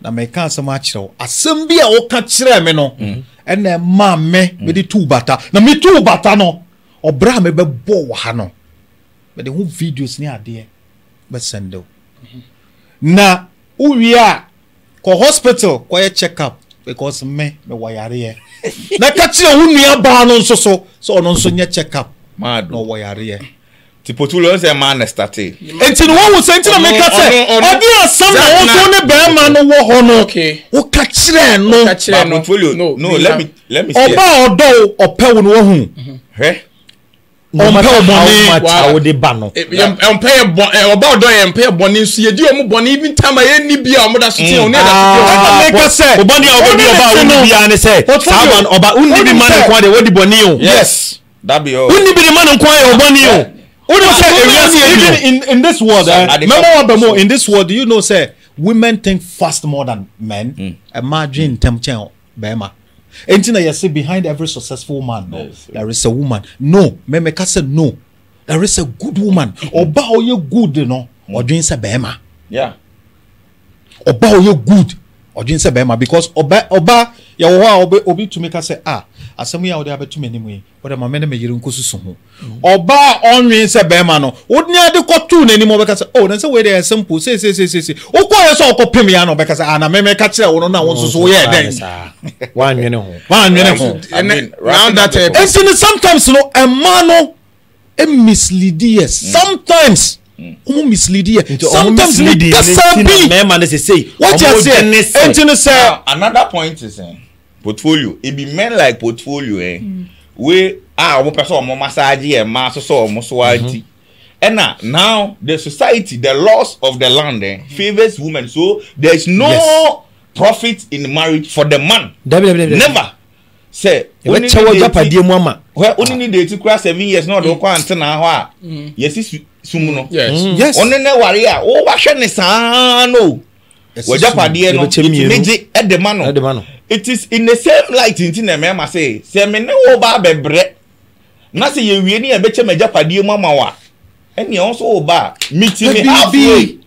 na mɛka asɛm akyerɛ wo asɛm bi a woka kyerɛɛ me no mhm. ɛna ɛma me mhm. mede tuu bata na metuu bata no ɔbrɛ a mebɛbɔ wɔ ha no mede ho videos ne adeɛ bɛsɛnde wo mhm. na wowie a kɔ hospital kɔyɛ check up because me me wɔ yareɛ na ka kyerɛ wo nua baa no nso so sɛ ɔno nso nyɛ check up na ɔwɔ yareɛ tipotulo sɛ maa na starte. nti ni wɔn wusɛn ntina mi ka sɛ ɔdi asam na wɔn so ne bɛrima no wɔ hɔ no o ka kyerɛ no. ba portfolio no let me let me see. ɔbaa ɔdɔ ɔpɛ ni wɔn hu ɔmpɛ ɔbɔne awode ba no ɔmpɛ eh, ɔba ɔdɔ yɛ mpɛ ɔbɔne nso yɛdi ɔmo bɔne ibi ntama yɛ ni bi a da so tiɛ ɔne ɛda so tiɛ mm, ah, ɔba ɔbɔne a ɔbɛdi ɔba a ɔni bi a ne ɔba ɔni bi ma ne nko de ɔdi bɔne o yes dabi o ɔni bi de ma ne nko yɛ ɔbɔne o ɔni sɛ ewia si ebi in in this world ɛ mɛmɔ wa bɛ mo in this world you know sɛ women think fast more than men ɛmaa mm. dwi ntɛm kyɛn nti na yɛsɛ behind every successful man no there is a woman no mɛmɛka sɛ no there is a good woman ɔba a ɔyɛ good no ɔdwen sɛ bɛrima ɔba a ɔyɛ good ɔdwen sɛ bɛrima because ɔba ɔba yɛwɔ hɔ a obi tumi ka sɛ ah asɛm yi a wɔde abɛtum anim yi wɔde ma mɛne mɛyere nkɔ susu ho mm. ɔbaa ɔnwen sɛ bɛrima no wɔde ade kɔtoo n'anim ɔbɛka sɛ o oh, nansɛ wɔyɛ de ɛsɛm po seeseeseese wokɔyɛ sɛ ɔkɔ pem ya na ɔbɛka sɛ ana ah, mɛmɛ ka kyerɛ wo no na wo nso so mm, woyɛ dɛn wanwene ho wanwene ho ɛnti uh, no sometimes no ɛma no ɛmislidi yɛ mm. sometimes ɔmo mislidi yɛ sometimes ne kasa bi wɔte aseɛ ɛnti no sɛ another point is eh, portfolio be men like portfolio eh mm. we a wɔn pɛ sɛ wɔn massage ɛma so sɛ wɔn so ati ɛna now the society the laws of the land eh, mm-hmm. favours women so there is no yes. profit in marriage for the man never sɛ ɛbɛkyɛwɔ japadeɛ mu ama ɔne ne deeti kura seven years mm. na ɔde ɔkɔ antena hɔ a mm. yɛsi sum no ɔne mm. ne ware a wɔwahwɛ ne saa no wɔ japadeɛ no ɛtumi gye ɛde ma no it is in the same light nti na mmarima sɛ sɛ me ne wo ba abɛbrɛ na sɛ yɛwie ne yɛbɛkyɛ m'agyapadeɛ mu ama wo a ɛnneɛ wo nso wo ba a metimi halfway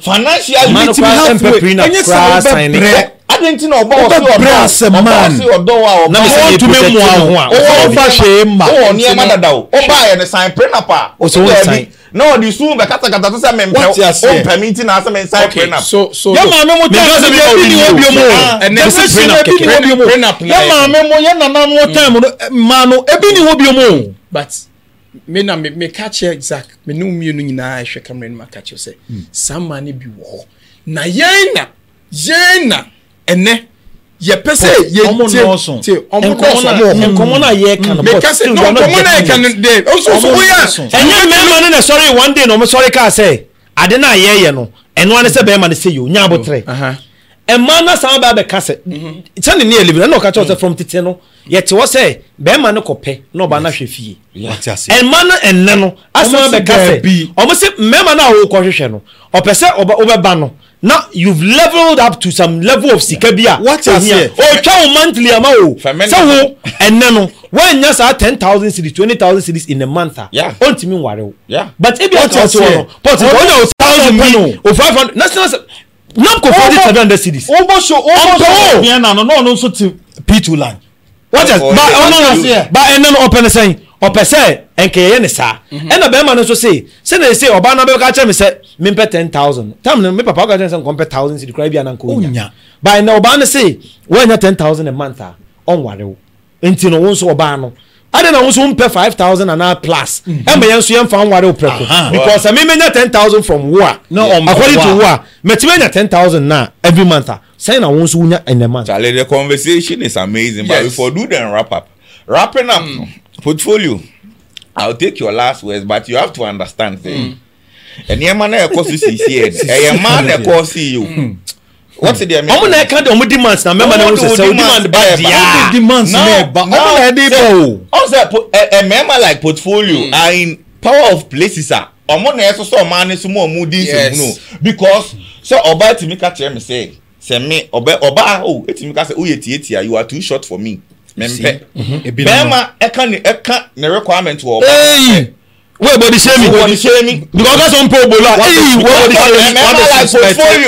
financially metimi halfway ɛnyɛ sɛ wobɛbrɛ adi nti na ɔba ɔsi ɔdɔ ɔba ɔsi ɔdɔ wa ɔba ɔwɔ tumi mu ahu a ɔwɔ nfa hwee ma ɔwɔ nneɛma dada o ɔba yɛ ne sign prenapa ɔsɛ wɔn sign na ɔde su bɛkatakata to sɛ mempɛ ompɛ mi nti na asɛ mensan prenup so so yɛ maame mo time no deɛ bi ni wɔ bio mu ɛnɛsi no bi ni wɔ bio mu ah, yɛ maame mo yɛ nana mo hmm. time no eh, maa no ebi ni wɔ bio mu. but me na me me ka zack me ne mmienu nyinaa ɛhwɛ kamara no ma ka kyerɛ sɛ hmm. saa maa no bi wɔ hɔ na yɛn na yɛn na ɛnɛ yɛpɛ sɛ yɛtie tie ɔmo dɔsɔn nkɔmɔ na yɛ kan bɔ mɛ kase no nkɔmɔ na yɛ kan de ososo oya. ɛnyɛ mɛrima ne na sɔre one day na ɔmo sɔre kaa sɛ ade na yɛ yɛ no ɛnua ne sɛ bɛrima ne sɛ yɛ o nya abotire ɛmaa na san bɛ abɛ kase sani ne yɛ libiri ɛna ɔka kyɛw sɛ fɔm mhm. tete no yɛte wɔ sɛ bɛrima ne kɔ pɛ na ɔba anahwɛ fie ɛmaa na ɛnɛ no asan bɛ kase ɔmo sɛ mɛrima na awo kɔ hwehwɛ no ɔpɛ sɛ ɔbɛba no na you've leveled up to some level of sika bi oh, a ohia otwa wo monthly ama o sɛ wo ɛnɛ no wɔanya oh, saa ten thousand series twenty thousand series in a month a ɔntumi nware wo but ebi ata so wɔ no pɔt nka ɔnya o thousand bi o oh, five hundred national namco forty seven hundred series ɔmpɛ wo ɔmpɛ wo p two line wɔn jɛ ba ɔno no ba ɛnɛ no ɔpɛ ne sɛn ɔpɛ sɛ nkɛyɛ ne saa mhm. ɛna bɛrima no nso se sɛna ɛsɛ ɔbaa no bɛka kyerɛ me sɛ mempɛ ten thousand tam no me papa woka kyerɛ sɛ nkɔmpɛ thousand sidi koraa bi ana nka wonya by na ɔbaa no se woanya ten thousand a month a ɔnware wo nti no wo nso ɔbaa no ade na wo nso five thousand and anaa plus mhm. ɛma yɛn nso yɛmfa nware wo prɛko because ɛme mɛnya ten thousand from wo a according to wo a mɛtumi anya ten thousand na every month a sɛn na wo nso wonya in a month. Charlie, the conversation is amazing yes. but before do then wrap up wrapping up. Mm portfolio i'll take your last words but you have to understand say nneɛma na ɛkɔ so sisie no ɛyɛ mmaa na ɛkɔ so yi o wɔte deɛ mmaa. ɔmo na ɛka de ɔmo demands na mmarima na ɛwɔ sɛ sɛ o demand ba ɛba ɔmo demands na ɛba ɔmo na ɛde ba o. ɔmo sɛ ɛ mmarima like portfolio mm. are in power of places a ɔmo na ɛsoso ɔmaa ne so mu ɔmo di nsɛmuno because sɛ ɔbaa tumi ka kyerɛ mi sɛ sɛ mi ɔbɛ ɔbaa o oh, etumi ka sɛ o yɛ tietia you are too short for me mempɛ mm-hmm. bɛrima ɛka ne ɛka ne requirement wɔ ɔba wey body shaming body shaming because ọgá sọ n pọ ògbóló a eyi wọ body shaming wọn bẹ suspect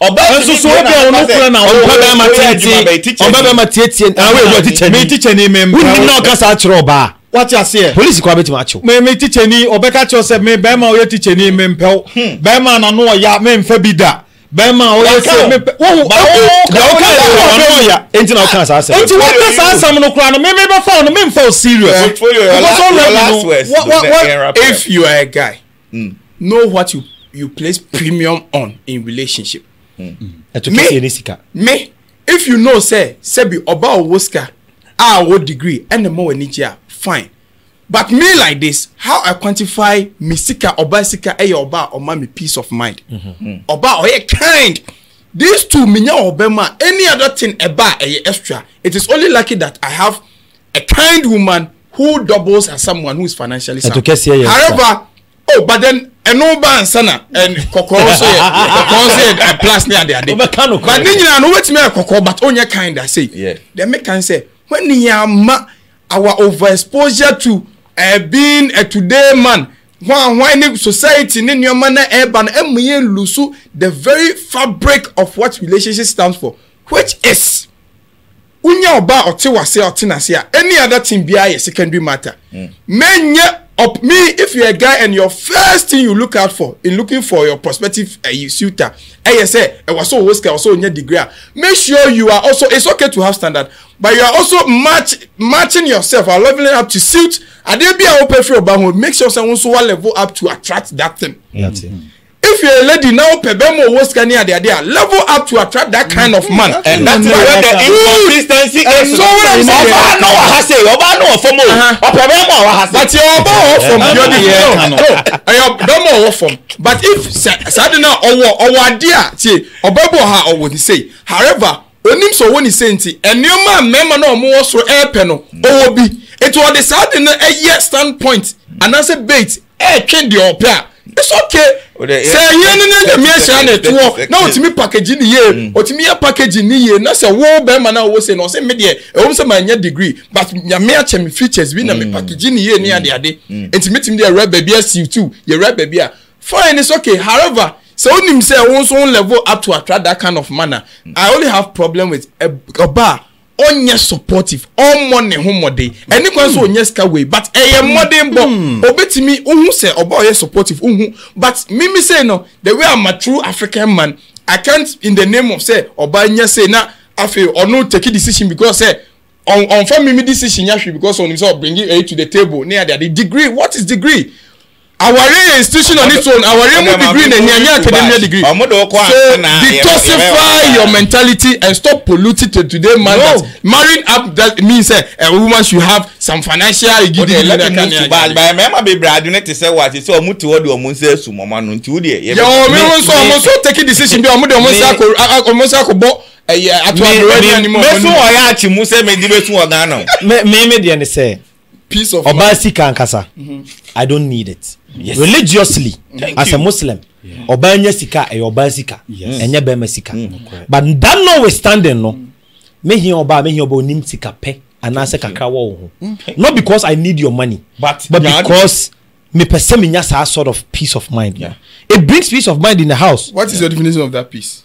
ọba nsoso obi a wọn kura na ọba bẹẹ ma tiẹtiẹ ọba bẹẹ ma tiẹtiẹ na wey wọ tikyẹ ni mi tikyẹ ni mi mbra wọn ni na ọka sa akyerɛ ọba wati aseɛ polisi kɔ abɛtumi akyew. mɛ mi tikyɛ ni ɔbɛka kyerɛ sɛ mi bɛrima oyɛ tikyɛ ni mi mpɛw hmm. bɛrima nanu ɔya mi nfɛ bi da bẹẹma o yẹ se mi pẹ wọn wọn wọn ká yẹ wọn náà yà eti náà ká sá sẹ. eti wọn ká sá sàmù ní kura ní mi mi bẹ fọ ọ ní mi n fọ ọ serious. portfolio your last your last words to the era prayer. if you are a guy mm. know what you you place premium on in relationship. ẹtù kí ṣe ní sika. me if you know sẹ sẹbi ọba owó sika a wo degree ẹnna mọ wọn ni jẹ a fine but me like this how i quantify me sika ọba sika ẹ yẹ ọba me peace of mind ọba ọ yẹ kind these two minya nya ma any other thing ẹ ba ẹ extra it is only lucky that i have a kind woman who doubles as someone who is financially sound however oh but then ẹnu ba nsana ẹn kọkọọ so yẹ kọkọọ so yẹ ẹ plus ni ade ade but ne nyinaa no wetin yẹ kọkọọ but o nye kind say. dem make am say when yẹn ama our overexposure to uh, being a today man hwan hwan ne society ne nneɛma na ɛreba no ɛmu yɛ lusu the very fabric of what relationship stands for which is wonya ɔba ɔte wase a ɔte n'ase a any other thing biara yɛ secondary matter mm. menye up me if you a guy and your first thing you look out for in looking for your prospective uh, suitor ɛyɛ eh, sɛ eh, ɛwɔ so owó sika ɛwɔ so onye degree a make sure you are also it's okay to have standard but you are also match matching yourself and leveling up to suit adeɛ bi a wopɛ firi ɔba ho make sure sɛ wọn nso wa level up to attract that thing. Mm Mm if you're a lady now pebemo wo scanning at their level up to attract that kind of man mm, and that mm, is where the inconsistency mm, is so what i'm saying ọba anọ wa ha se ọba anọ wa fọmọ o ọpẹbẹmọ wa ha se but your ọba ọwọ fọm your di no your ọpẹbẹmọ ọwọ fọm but if sadi na ọwọ ọwọ adi a tie ọbẹbọ ha ọwọ ni say however onim sọ wọ ni say nti ẹnìọma mẹma náà ọmọ wọ soro ẹẹpẹ no ọwọ bi etu ọdi sadi na ẹyẹ stand point anase bait ẹẹtwe di ọpẹ a it's okay sɛ yie ne ne nyame ahyia ne toɔ na otumi package ne yie otumi yɛ package ne yie na sɛ wo bɛrima na wo se na ɔsɛ me deɛ ɛwɔ eh, sɛ ma nya degree but nyame akyɛ me features bi na me mm. package ne yie mm. ne ade ade nti mi tumi de ɛwura baabi asi tu yɛwura baabi a fine it's okay however sɛ onim sɛ wɔn nso level up to attract that kind of manner mm. i only have problem with ɛba. Uh, ɔnyɛ supportive ɔmmɔ ne ho mɔden ɛne kwan so ɔnyɛ sika wei but ɛyɛ hmm. mɔden bɔ hmm. obetumi ohun sɛ ɔba ɔyɛ supportive ohun but mimi say no the way i'm a true african man i can't in the name of say ɔba nyɛ say na afei ɔno take decision because say ɔnfa mimi decision yahwe because ɔnim sɛ ɔbringi oh, ɛyi eh, to the table ne yadade degree what is degree awari institution on its own awari mu degree na nyanyi academia degree so detoxify your mentality and stop polluting to today man that marrying up that means eh, a woman should have some financial gidi gidi na kan ya ya mẹ́ẹ̀ma bèbèrè adúlẹ̀ ti sẹ́ wá ti sẹ́ ọmú tiwọ́ di ọmú nsẹ́ sùn mọ́mọ́ nù ntí ó di ẹ̀. yẹ ọmọ mi nso ọmọ nso taking decision bi ọmọ de ọmọ nsẹ́ akọ bọ́ ẹ̀yẹ àtúwádìí ọ̀rẹ́ ni mo. mẹ́sùn ọ̀yá àtìmú sẹ́ mi di mẹ́sùn ọ̀gá náà. mi mi di ẹni sẹ́ ọba sika nkasa i don't need it yes. religiously Thank as you. a muslim ɔbaa nyɛ sika ɛyɛ ɔbaa sika ɛnyɛ bɛrima sika mm. but that notwithstanding no mehia ɔbaa mehia ɔbaa onim sika pɛ anaasɛ kakra wɔ wo mm. not because i need your money but, but because mepɛ sɛ menya saa sort of peace of mind yeah. it brings peace of mind in the house what is yeah. your definition of that peace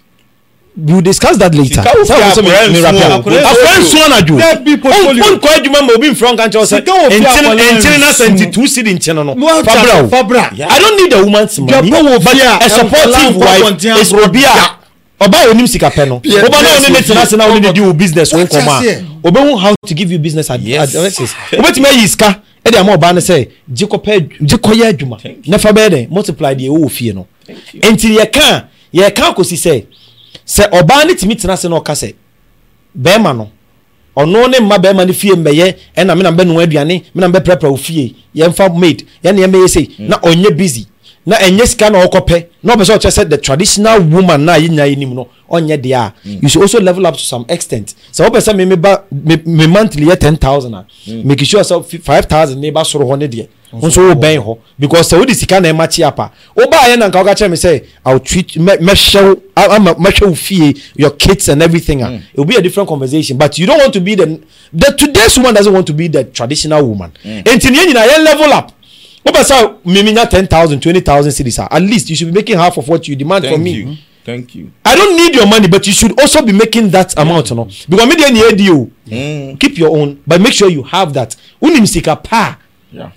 we will discuss that later. sika wo fi akure nsuo akure nsuo na ju o nkɔ adwuma ma obi nfura nkankyɛw sɛ nkyɛn nkyɛn na sɛnti two seed nkyɛn no fabra o i don't need a woman's money but a supportive wife is obi a ọba onim sika pɛ no ọba náà oní ne tena náà oní ne di o business o nkɔmɔ a obɛhu how to give you business advices obetumi ayi sika ɛdi ama ɔbaa ne sɛ jikɔ yɛ adwuma nafa bɛyɛ dɛ multiply deɛ ɛwɔ fie no nti yɛ kan yɛ sɛ ɔbaa no tumi tena ase na ɔka sɛ bɛrima no ɔno ne mma bɛrima no fie mbɛyɛ ɛna mena mbɛnoa aduane mena mbɛprɛprɛ wo fie yɛmfa maid yɛne yɛmɛyɛ sei mm. na ɔnyɛ busy na ɛnyɛ sika na ɔkɔpɛ na ɔbɛ sɛ ɔkyerɛ sɛ the traditional woman na ayi nyinaa anim no ɔnyɛ deɛ a mm. you should also level up to some extent sɛ ɔbɛ sɛ mi mi ba mi mi monthly yɛ ten thousand a mm. make sure sɛ five thousand ne ba soro hɔ ne deɛ nso wo bɛn hɔ because sɛ wodi sika na ɛma kyi apa wobaa yɛ na nka woka kyerɛ me sɛ iw treat mɛhwɛ ama mɛhwɛ wo fie your kids and everything a ah. mm. it will be a different conversation but you don't want to be the the today's woman doesn't want to be the traditional woman mm. nti ne nyinaa yɛ level up wobɛ sɛ mimi nya ten thousand twenty thousand cities a ah. at least you should be making half of what you demand Thank from me. You. Thank you. I don't need your money, but you should also be making that yeah. amount, no? Because media ni ADO. Mm. Keep your own, but make sure you have that. Unim sika pa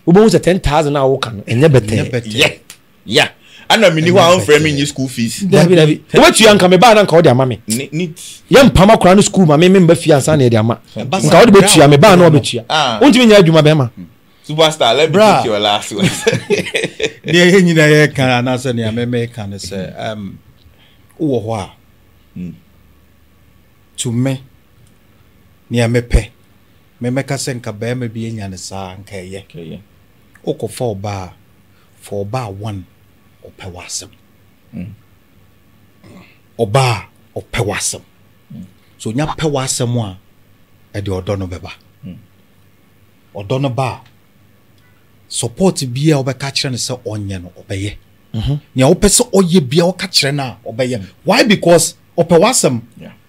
wobɛhu sɛ 10000 a woka no ɛnyɛ bɛtɛɛ ya ana mini hɔ a wɔmfrɛ me nye school fees dabi dabi wobɛtua nka mebaa na nka wode ama me yɛmpama kora no school ma me memba fie ansa na yɛde ama nka wode bɛtua mebaa na wobɛtua ah. wontumi nya adwuma bɛma hmm. superstar let me Bra. take your last one. deɛ yɛn nyinaa yɛ kan anaasɛ nea mɛmɛ kan no sɛ wowɔ hɔ a hmm. to me nea mepɛ mɛmɛka sɛ nka bɛrima bi anya ne saa nka ɛyɛ wokɔfa ɔbaa fa ɔbaa one ɔpɛ w'asɛm mm. ɔbaa ɔpɛ w'asɛm mm. so nya pɛ w'asɛm a ɛde ɔdɔ no bɛba mm. ɔdɔ no ba a support bia wobɛka kyerɛ no sɛ ɔnyɛ no ɔbɛyɛ mm-hmm. nea wopɛ sɛ ɔyɛ bia woka kyerɛ no a ɔbɛyɛ why because ɔpɛ w'asɛm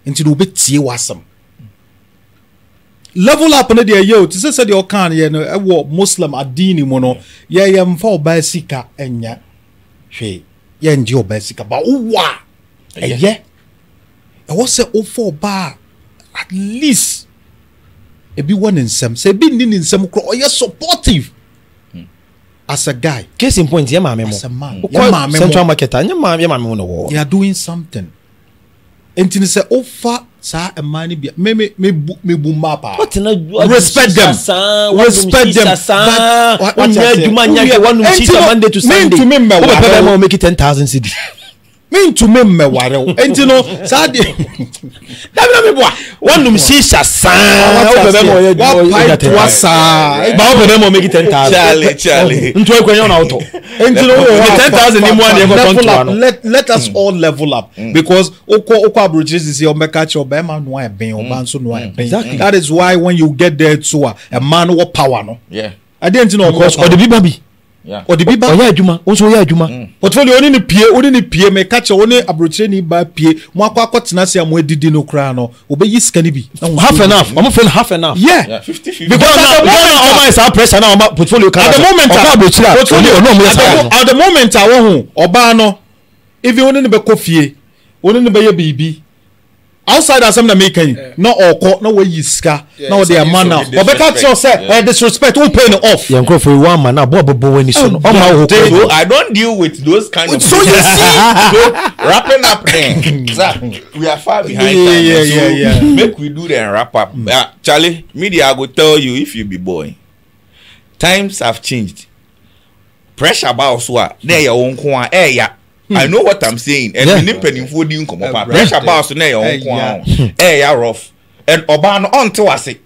nti na wobɛtie w'asɛm level up ne deɛ yɛ o te sɛ sɛ deɛ ɔka yɛ no ɛwɔ muslim adiini mu no yɛyɛ mfa ɔbaa sika ɛnyɛ hwee yɛngye ɔbaa sika ba wowɔ a ɛyɛ ɛwɔ sɛ wofa ɔbaa at least ebi wɔ ne nsɛm sɛ ebi nni ne nsɛm kora ɔyɛ supportive hmm. as a guy. case in point yɛ maame mu as a man yɛ maame mu central market a yɛ maame mu na wɔ. they are doing something nti sɛ wofa saa mmaa ni bia me me me bu me bu mmaa paa. wọ́n tẹ̀lé ọdún sísá wọ́n tẹ̀lé sísá sàn wọ́n nyẹ́ adwuma nyẹ́ kẹ́ wọ́n nù sísá monday to sunday wọ́n bẹ̀ pẹ́ bẹ́ẹ̀ mọ́ ọ́ mẹ́kì ten thousand cedi mintumi mmɛware o nti no saa de dabila mi bua wɔnum sisa saa awo bɛbɛ ma ɔyɛ ɔyɛ saa ba awo bɛbɛ ma ɔmɛgi ten thousand chale chale ntu ekun yɛn na ɔtɔ nti no ɔyɛ ten thousand ni mu adi ɛkɔ tɔn tura let us mm. all level up mm. because okɔ okɔ aburukyiri sisi ɔmɛ kakyɛ ɔbɛ ma nua ɛbɛn ɔba mm. nso nua ɛbɛn that is why when you get there too a ɛmaa no wɔ power no ɛdi nti na ɔmɔ power because ba bi ɔde mm. bi ba ɔyɛ adwuma o nso ɔyɛ adwuma. portfolio oni ni pie oni ni pie mɛ kakyɛ oni aburokyire ni ba pie mo akɔ akɔ tena se a mo adidi no kura no o sika ni bi. half and half ɔmo fɛn half and half. yɛ because at the moment a ɔmo ayisa pressure na ɔmo portfolio kan na ɔmo aburokyire a ɔmo ɔno ɔmo no. at the moment a wɔn ho ɔbaa no even oni ni bɛ kɔ fie oni ni bɛ yɛ biribi outside asem na meka yi na ɔkɔ na eh, wayi sika na ɔde ama na ɔbɛka kyerɛ sɛ ɔyɛ disrespect wo pay no off. yɛn kɔ fún iwa ama na bɔ bɔbɔ wɔ ni so no ɔma wo kɔ do. i don deal with those kind of so you see so wrapping up then sir we are far behind yeah, time yeah, so yeah, yeah. make we do then wrap up uh, mm. ah, chale media i go tell you if you be boy times have changed pressure ba ọsọ a na ẹ yẹ wọn kún a ẹ yà. Hmm. I know what I'm saying. Ẹ̀mí ní mpanyinfoɔ di nkɔmɔ pa. Pressure baa so na ɛyɛ ɔnko ahò. Hmm. Ɛyɛ rough. And ɔbaa no ɔnte wase.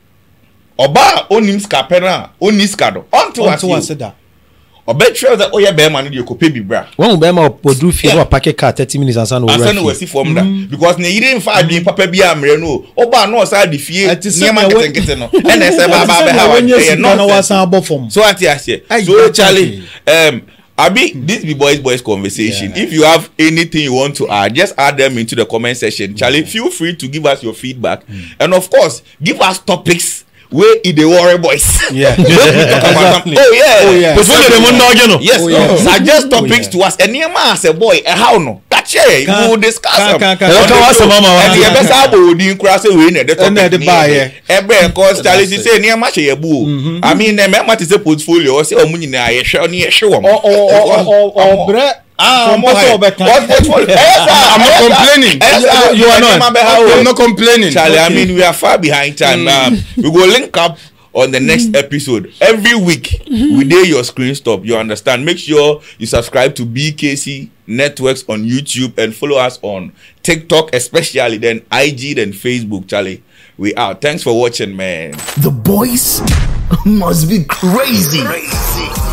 Ɔbaa a onim sika pɛ no a onni sika do. Ɔnte wase o. Ɔnte wase da. Ɔbɛtwerɛ sɛ oyɛ bɛrima no deɛ kò pɛ bi bra. Wọ́n mu bɛrima ɔdúró fie wọ́n apake car thirty minutes ansa na owurɛ fie. Ansa na wasi fam da. Hmm. Because ne yiri nfa adi papa bi a mmerɛ no o. Ɔbaa náà ɔsan adi fie nneɛma nketenkete no. Ɛna ɛsɛ baa baa bɛ ha wa ɛyɛ nɔɔsɛ. So ati aseɛ. So Charlie. Um, Abi, this be boys boys conversation. Yeah. If you have anything you want to add, just add them into the comment section. Charlie, mm feel free to give us your feedback. mm And of course, give us topics wey e dey worry boys. Yeah. Oh yeah. Oh, yeah. Yes. Oh, yeah. Suggest topics oh, yeah. to us. Ẹ̀ ní as a boy ẹ̀ how No? akyɛ we discuss am ɛwɔ kan wa sɛmɔ ma wa ɛdi yɛ bɛ sá bò ní nkura sɛ wei na ɛdɛ topic ni yɛ ɛbɛ ɛkɔ stalisi sɛ ní ɛma hyɛ yɛ bu o ami nɛ mɛma ti sɛ portfolio ɔsɛ ɔmu nyinaa yɛ hwɛ ɔni yɛ hwɛ wɔm. ɔbrɛ ọmọkọ ọbẹ kan i'm not complaining you are not i'm not complaining. charlie i mean we are far behind time um, we go link up on the next episode every week we dey your screen stop you understand make sure you subscribe to bkc networks on YouTube and follow us on TikTok, especially then IG, then Facebook, Charlie. We are. Thanks for watching, man. The boys must be crazy. crazy.